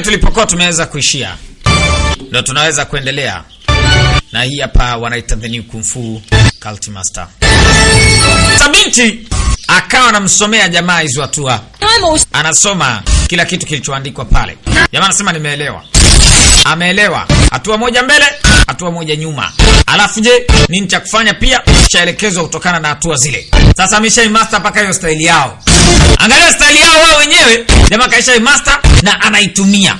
pale tulipokuwa tumeweza kuishia, ndo tunaweza kuendelea na hii hapa, wanaita the new kung fu cult master. Sabinti akawa anamsomea jamaa hizo hatua, anasoma kila kitu kilichoandikwa pale. Jamaa anasema nimeelewa ameelewa. Hatua moja mbele, hatua moja nyuma. Alafu je, nini cha kufanya? Pia shaelekezwa kutokana na hatua zile. Sasa ameshaimaster mpaka hiyo staili yao. Angalia staili yao wao wenyewe, jamaa kaishaimaster na anaitumia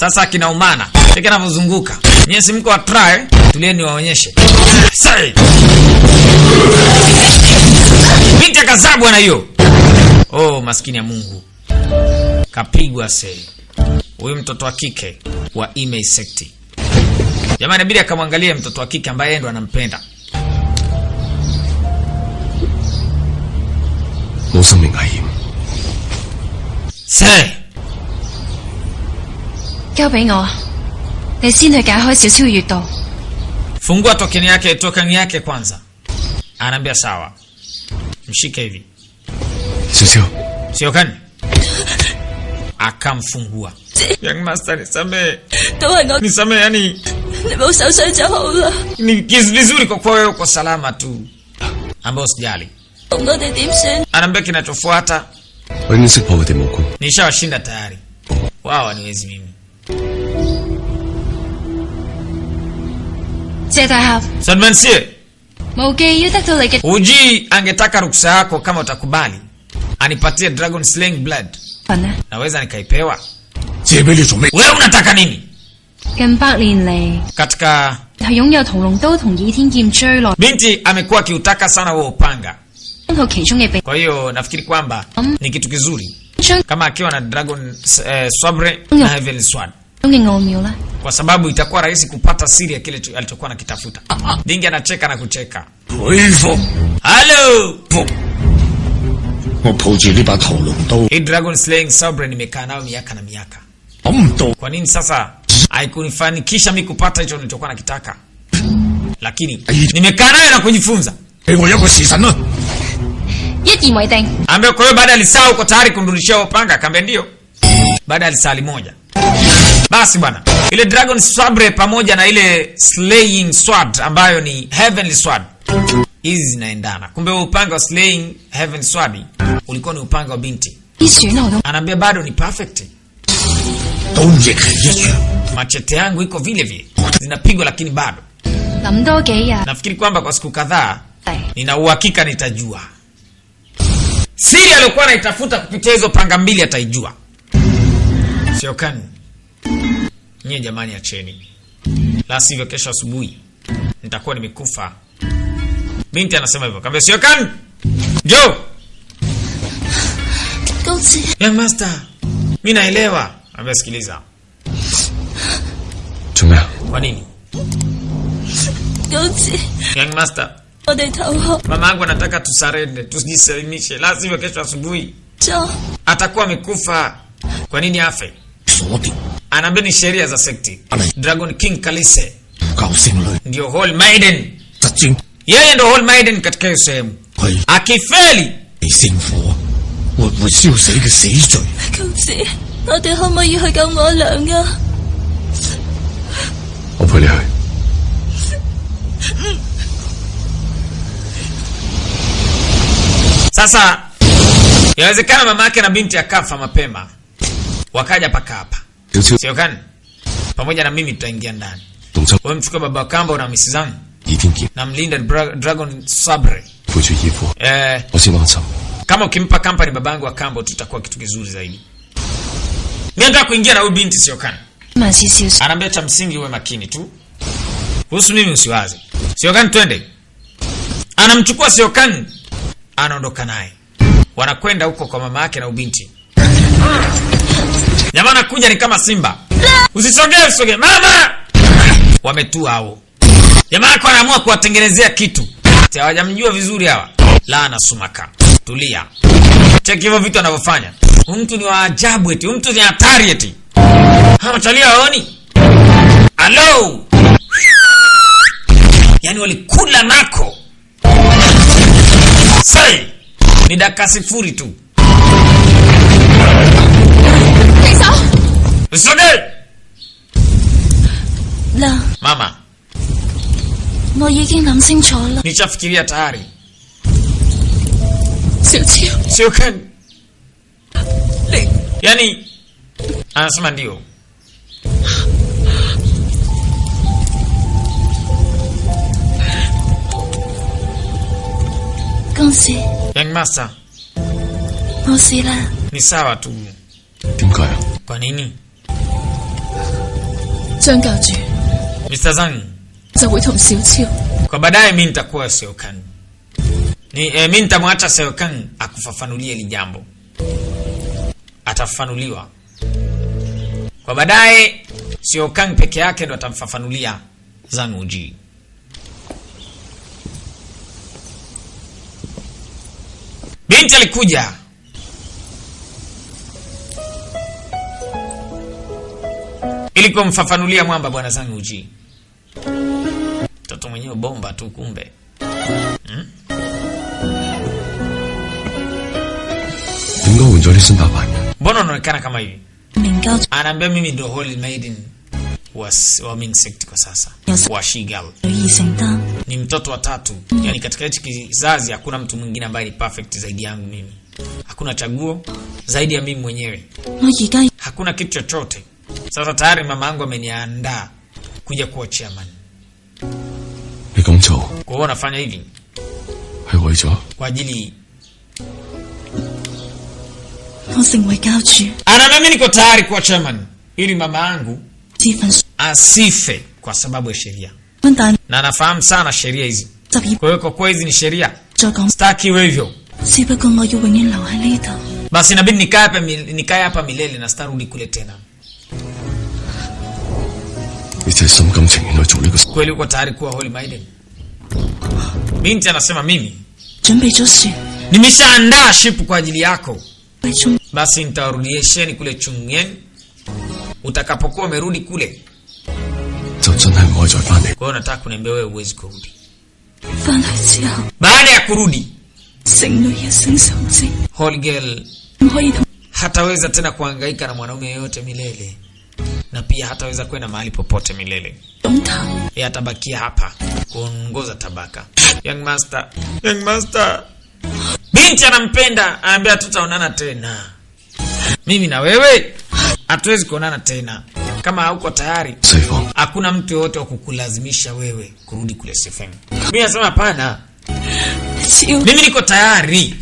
sasa. akinaumana teke anavyozunguka nyewe, si mko watrae, eh? tulieni waonyeshe sai binti akazaa bwana hiyo. Oh, maskini ya Mungu kapigwa se huyu mtoto wa kike wa email sekti. Jamaa inabidi akamwangalie mtoto wa kike ambaye ndo anampenda. Fungua tokeni yake, token yake kwanza. Anaambia sawa. Mshike hivi. Sio. Sio kani? Akamfungua. Young Master nisamehe. Toa nisamehe yani. Nimeusafisha haula. Ni kizi vizuri kwa kwa wewe uko salama tu. Ambao sijali. Ngoja dimshen. Anaambia kinachofuata. Wewe sikupate moko. Nishawashinda tayari. Wao hawaniwezi mimi. I have. Zeta Salman sie. Mauke yuta like it. Uji angetaka ruksa yako kama utakubali. Anipatie Dragon Slaying Blood. Pana. Naweza nikaipewa wewe unataka nini? Katika. Binti amekuwa kiutaka sana huo upanga. Kwa hiyo nafikiri kwamba um, ni kitu kizuri kama akiwa na Dragon eh, Sabre na Heaven Sword kwa sababu itakuwa rahisi kupata siri ya kile alichokuwa anakitafuta. Dingi anacheka na kucheka. Hivyo. Halo. 我抱住呢把屠龍刀。Hii Dragon Slaying Sabre nimekaa nayo miaka na miaka. Mto. Kwa nini sasa haikunifanikisha mimi kupata hicho nilichokuwa nakitaka? Lakini nimekaa nayo na kujifunza. Ambaye kwa hiyo baada ya uko tayari kumrudishia upanga, akamwambia ndio. Baada ya moja. Basi bwana, ile Dragon Sabre pamoja na ile Slaying Sword ambayo ni Heavenly Sword. Hizi zinaendana. Kumbe upanga wa Slaying Heavenly Sword ulikuwa ni upanga wa binti. Anaambia bado ni perfect. Machete yangu iko vile vile zinapigwa, lakini bado nafikiri kwamba kwa siku kadhaa nina uhakika nitajua siri aliyokuwa anaitafuta kupitia hizo panga mbili, ataijua sio kani nyie. Jamani, acheni, la sivyo kesho asubuhi nitakuwa nimekufa. Binti anasema hivyo, kaambia sio kani, njoo don't Young master, mimi naelewa. Kwa nini? Young master. Mama anataka tusarende, tusijisalimishe. Lazima kesho asubuhi. Cho. Atakuwa amekufa. Kwa nini afe? Anaambia ni sheria za sekti. Dragon King Kalise. Ndio Hall Maiden. Yeye ndo Hall Maiden katika hiyo sehemu. Akifeli. 活活燒死嘅死罪。公子，我哋可唔可以去救我娘啊？我陪你去。Sasa inawezekana mama yake na binti akafa mapema, wakaja paka hapa, sio siokani pamoja na mimi, tutaingia ndani. Wewe mchukue baba kamba na misi zangu na mlinda Dragon Sabre eh kama ukimpa company babangu wa kambo, tutakuwa kitu kizuri zaidi. Mimi nataka kuingia na huyu binti sio kana. Anaambia cha msingi uwe makini tu. Kuhusu mimi usiwaze. Sio kana twende. Anamchukua sio kana. Anaondoka naye. Wanakwenda huko kwa mama yake na ubinti. Jamaa anakuja ni kama simba. Usisogee, usogee. Mama! Wametua hao. Jamaa yako anaamua kuwatengenezea kitu. Hawajamjua vizuri hawa. Laana sumaka. Tulia, cheki hivyo vitu anavyofanya Huyu mtu ni wa ajabu, eti Huyu mtu ni hatari, eti machalia haoni. Hello. yani walikula nako. Sai ni dakika sifuri tu, usogee mama. Mo Nichafikiria tayari sio sio sio kani yani, anasema ndio Young Master. Ni sawa tu. Kwa nini? Mr. Zhang. Kwa baadaye mimi nitakuwa sio kani. Ni eh, mimi nitamwacha serikali akufafanulie hili jambo, atafafanuliwa kwa baadaye. Kang peke yake ndo atamfafanulia Zanguji. Binti alikuja ili kumfafanulia mwamba bwana Zanguji, mtoto mwenyewe bomba tu kumbe Mbona unaonekana kama hivi? Anaambia mimi ndo holy maiden wa Ming sect kwa sasa. Wa Shigal. Ni mtoto wa tatu. Yaani katika hichi kizazi hakuna mtu mwingine ambaye ni perfect zaidi yangu mimi. Hakuna chaguo zaidi ya mimi mwenyewe. Hakuna kitu chochote. Sasa tayari mama yangu ameniandaa kuja kuwa chairman. Kwa hiyo nafanya hivi. Kwa ajili ana mimi niko tayari kuwa chairman ili mama yangu asife kwa sababu ya sheria, na nafahamu sana sheria hizi. Kwa hiyo kwa kuwa hizi ni sheria, sitaki iwe hivyo, basi inabidi nikae hapa milele na sitarudi kule tena. Kweli uko tayari kuwa holy maiden? Binti anasema mimi nimeshaandaa ship kwa ajili yako basi nitawarudisheni kule Chung'en utakapokuwa umerudi kule. Kwa hiyo nataka kuniambia wewe huwezi kurudi. Baada ya kurudi, Holgel hataweza tena kuhangaika na mwanaume yeyote milele, na pia hataweza kwenda mahali popote milele. Yeye atabakia hapa kuongoza tabaka. Young master. Young master. Binti anampenda, anaambia tutaonana tena, mimi na wewe hatuwezi kuonana tena kama hauko tayari. Hakuna mtu yoyote wa kukulazimisha wewe kurudi kule SFM. mi nasema hapana, mimi niko tayari,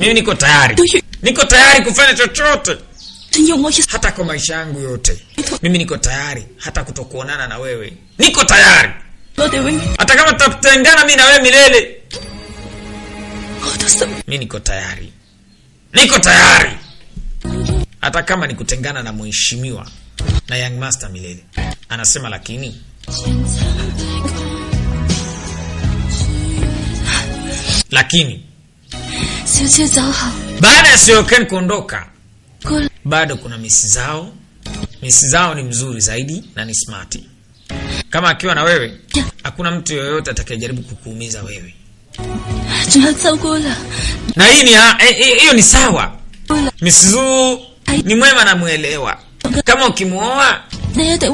mimi niko tayari, niko tayari kufanya chochote hata kwa maisha yangu yote. Mimi niko tayari hata kutokuonana na wewe, niko tayari hata kama tutatengana mi na wewe milele mi niko tayari, niko tayari hata kama ni kutengana na mheshimiwa na Young Master milele. Anasema lakini lakini baada ya Sioken kuondoka bado kuna misi zao. Misi zao ni mzuri zaidi na ni smart. Kama akiwa na wewe, hakuna mtu yoyote atakayejaribu kukuumiza wewe na hii ni eh, eh, hiyo ni sawa. Misuzu ni mwema na mwelewa, kama ukimwoa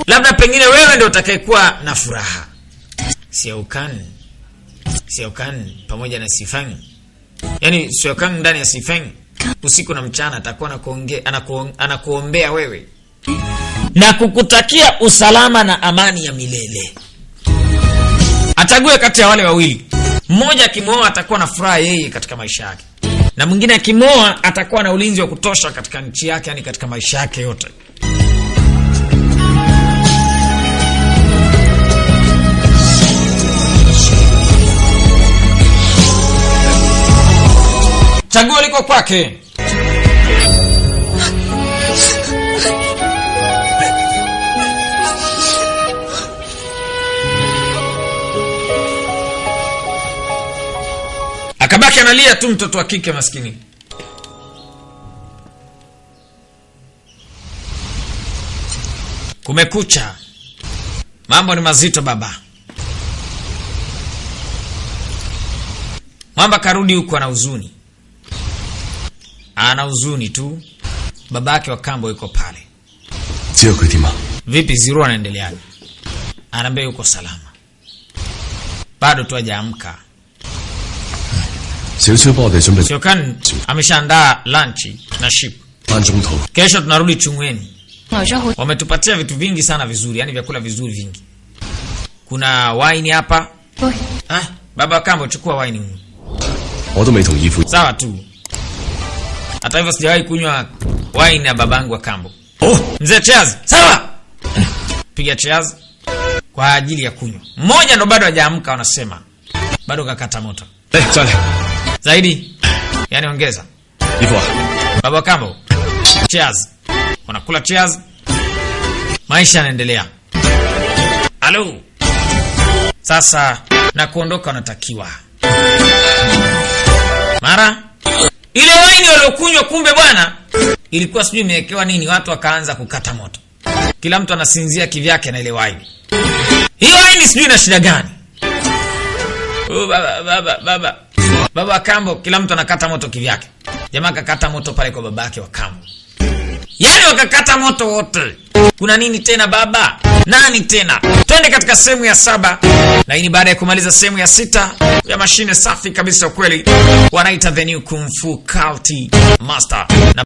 labda pengine wewe ndio utakayekuwa na furaha. Siaukan Siaukan pamoja na Sifang, yaani Siaukan ndani ya Sifang, usiku na mchana atakuwa anakuombea wewe na kukutakia usalama na amani ya milele. Achague kati ya wale wawili. Mmoja akimwoa atakuwa na furaha yeye katika maisha yake, na mwingine akimwoa atakuwa na ulinzi wa kutosha katika nchi yake, yani katika maisha yake yote. Chaguo liko kwake. babake analia tu, mtoto wa kike maskini. Kumekucha, mambo ni mazito. Baba mwamba karudi huko, ana huzuni, ana huzuni tu. Babake wa kambo yuko pale. Vipi Ziru, anaendeleaje? Anaambia yuko salama, bado tu ajaamka Sio ameshaandaa lunch na ship. Kesho tunarudi Chungweni. Wametupatia vitu vingi sana vizuri, yani vyakula vizuri vingi. Kuna wine hapa. Ah, baba kambo chukua wine Sawa tu. Hata hivyo sijawahi kunywa wine ya babangu wa kambo. Oh, mzee Cheers. Sawa. Piga Cheers kwa ajili ya kunywa. Mmoja ndo bado hajaamka wanasema. Bado kakata moto. Eh, chale zaidi, yani ongeza. Baba Kambo, cheers. Unakula cheers, maisha yanaendelea. Halo, sasa na kuondoka, wanatakiwa mara ile waini waliokunywa, kumbe bwana ilikuwa sijui imewekewa nini, watu wakaanza kukata moto, kila mtu anasinzia kivyake na ile waini. Hiyo waini sijui ina shida gani? Oh, baba baba baba Baba wa kambo, kila mtu anakata moto kivyake. Jamaa akakata moto pale kwa baba wa kambo, yani wakakata moto wote. Kuna nini tena baba? Nani tena? Twende katika sehemu ya saba, lakini baada ya kumaliza sehemu ya sita ya mashine safi kabisa, ukweli wanaita the new kung master na